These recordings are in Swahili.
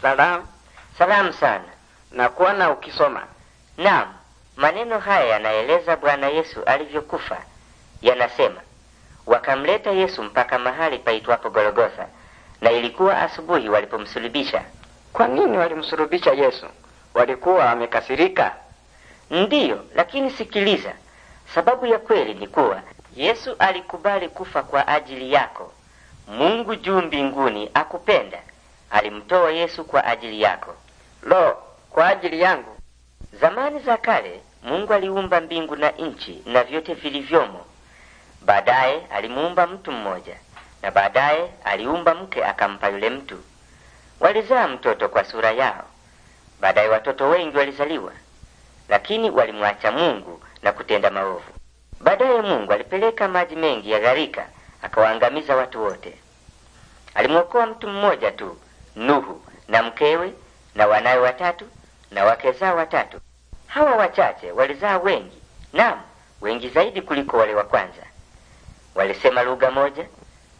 salam salam sana na kuona ukisoma naam maneno haya yanaeleza bwana yesu alivyokufa yanasema wakamleta yesu mpaka mahali paitwapo golgotha na ilikuwa asubuhi walipomsulubisha kwa nini walimsulubisha yesu walikuwa wamekasirika ndiyo lakini sikiliza sababu ya kweli ni kuwa yesu alikubali kufa kwa ajili yako mungu juu mbinguni akupenda alimtoa Yesu kwa ajili yako. Lo, kwa ajili yangu! Zamani za kale Mungu aliumba mbingu na nchi na vyote vilivyomo. Baadaye alimuumba mtu mmoja, na baadaye aliumba mke akampa yule mtu. Walizaa mtoto kwa sura yao. Baadaye watoto wengi walizaliwa, lakini walimwacha Mungu na kutenda maovu. Baadaye Mungu alipeleka maji mengi ya gharika, akawaangamiza watu wote. Alimwokoa mtu mmoja tu Nuhu na mkewe na wanawe watatu na wake zao watatu. Hawa wachache walizaa wengi, naam, wengi zaidi kuliko wale wa kwanza. Walisema lugha moja,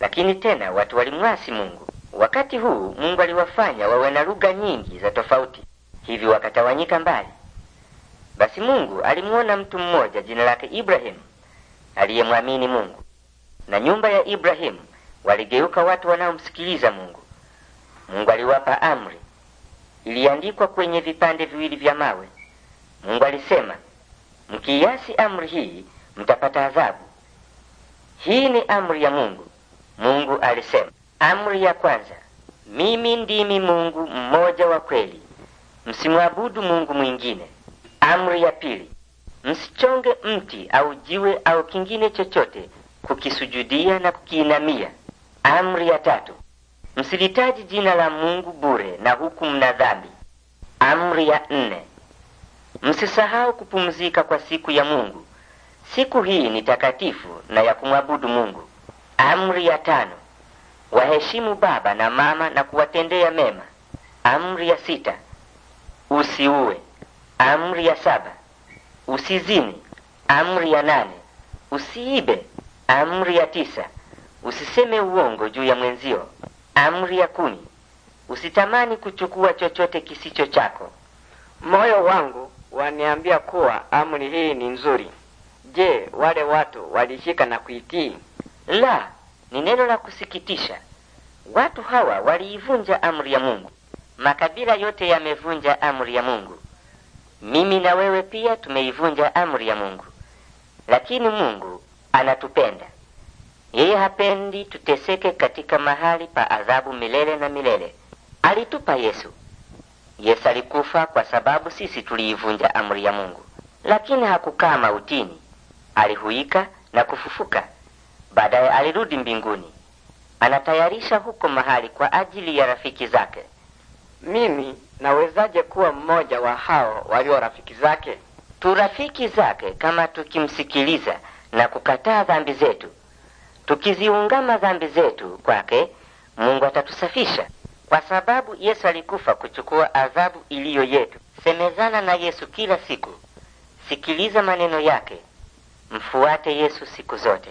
lakini tena watu walimwasi Mungu. Wakati huu Mungu aliwafanya wawe na lugha nyingi za tofauti, hivi wakatawanyika mbali. Basi Mungu alimuona mtu mmoja jina lake Ibrahimu aliyemwamini Mungu, na nyumba ya Ibrahimu waligeuka watu wanaomsikiliza Mungu. Mungu aliwapa amri, iliandikwa kwenye vipande viwili vya mawe. Mungu alisema, mkiasi amri hii mtapata adhabu. Hii ni amri ya Mungu. Mungu alisema, amri ya kwanza, mimi ndimi Mungu mmoja wa kweli, msimwabudu Mungu mwingine. Amri ya pili, msichonge mti au jiwe au kingine chochote kukisujudia na kukiinamia. Amri ya tatu, msilitaji jina la Mungu bure na huku mna dhambi. Amri ya nne, msisahau kupumzika kwa siku ya Mungu. Siku hii ni takatifu na ya kumwabudu Mungu. Amri ya tano, waheshimu baba na mama na kuwatendea mema. Amri ya sita, usiue. Amri ya saba, usizini. Amri ya nane, usiibe. Amri ya tisa, usiseme uongo juu ya mwenzio. Amri ya kumi: usitamani kuchukua chochote kisicho chako. Moyo wangu waniambia kuwa amri hii ni nzuri. Je, wale watu walishika na kuitii? La, ni neno la kusikitisha. Watu hawa waliivunja amri ya Mungu. Makabila yote yamevunja amri ya Mungu. Mimi na wewe pia tumeivunja amri ya Mungu, lakini Mungu anatupenda. Yeye hapendi tuteseke katika mahali pa adhabu milele na milele. Alitupa Yesu. Yesu alikufa kwa sababu sisi tuliivunja amri ya Mungu, lakini hakukaa mautini. Alihuika na kufufuka, baadaye alirudi mbinguni. Anatayarisha huko mahali kwa ajili ya rafiki zake. Mimi nawezaje kuwa mmoja wa hao walio rafiki zake? Tu rafiki zake kama tukimsikiliza na kukataa dhambi zetu. Tukiziungama dhambi zetu kwake, Mungu atatusafisha, kwa sababu Yesu alikufa kuchukua adhabu iliyo yetu. Semezana na Yesu kila siku, sikiliza maneno yake, mfuate Yesu siku zote.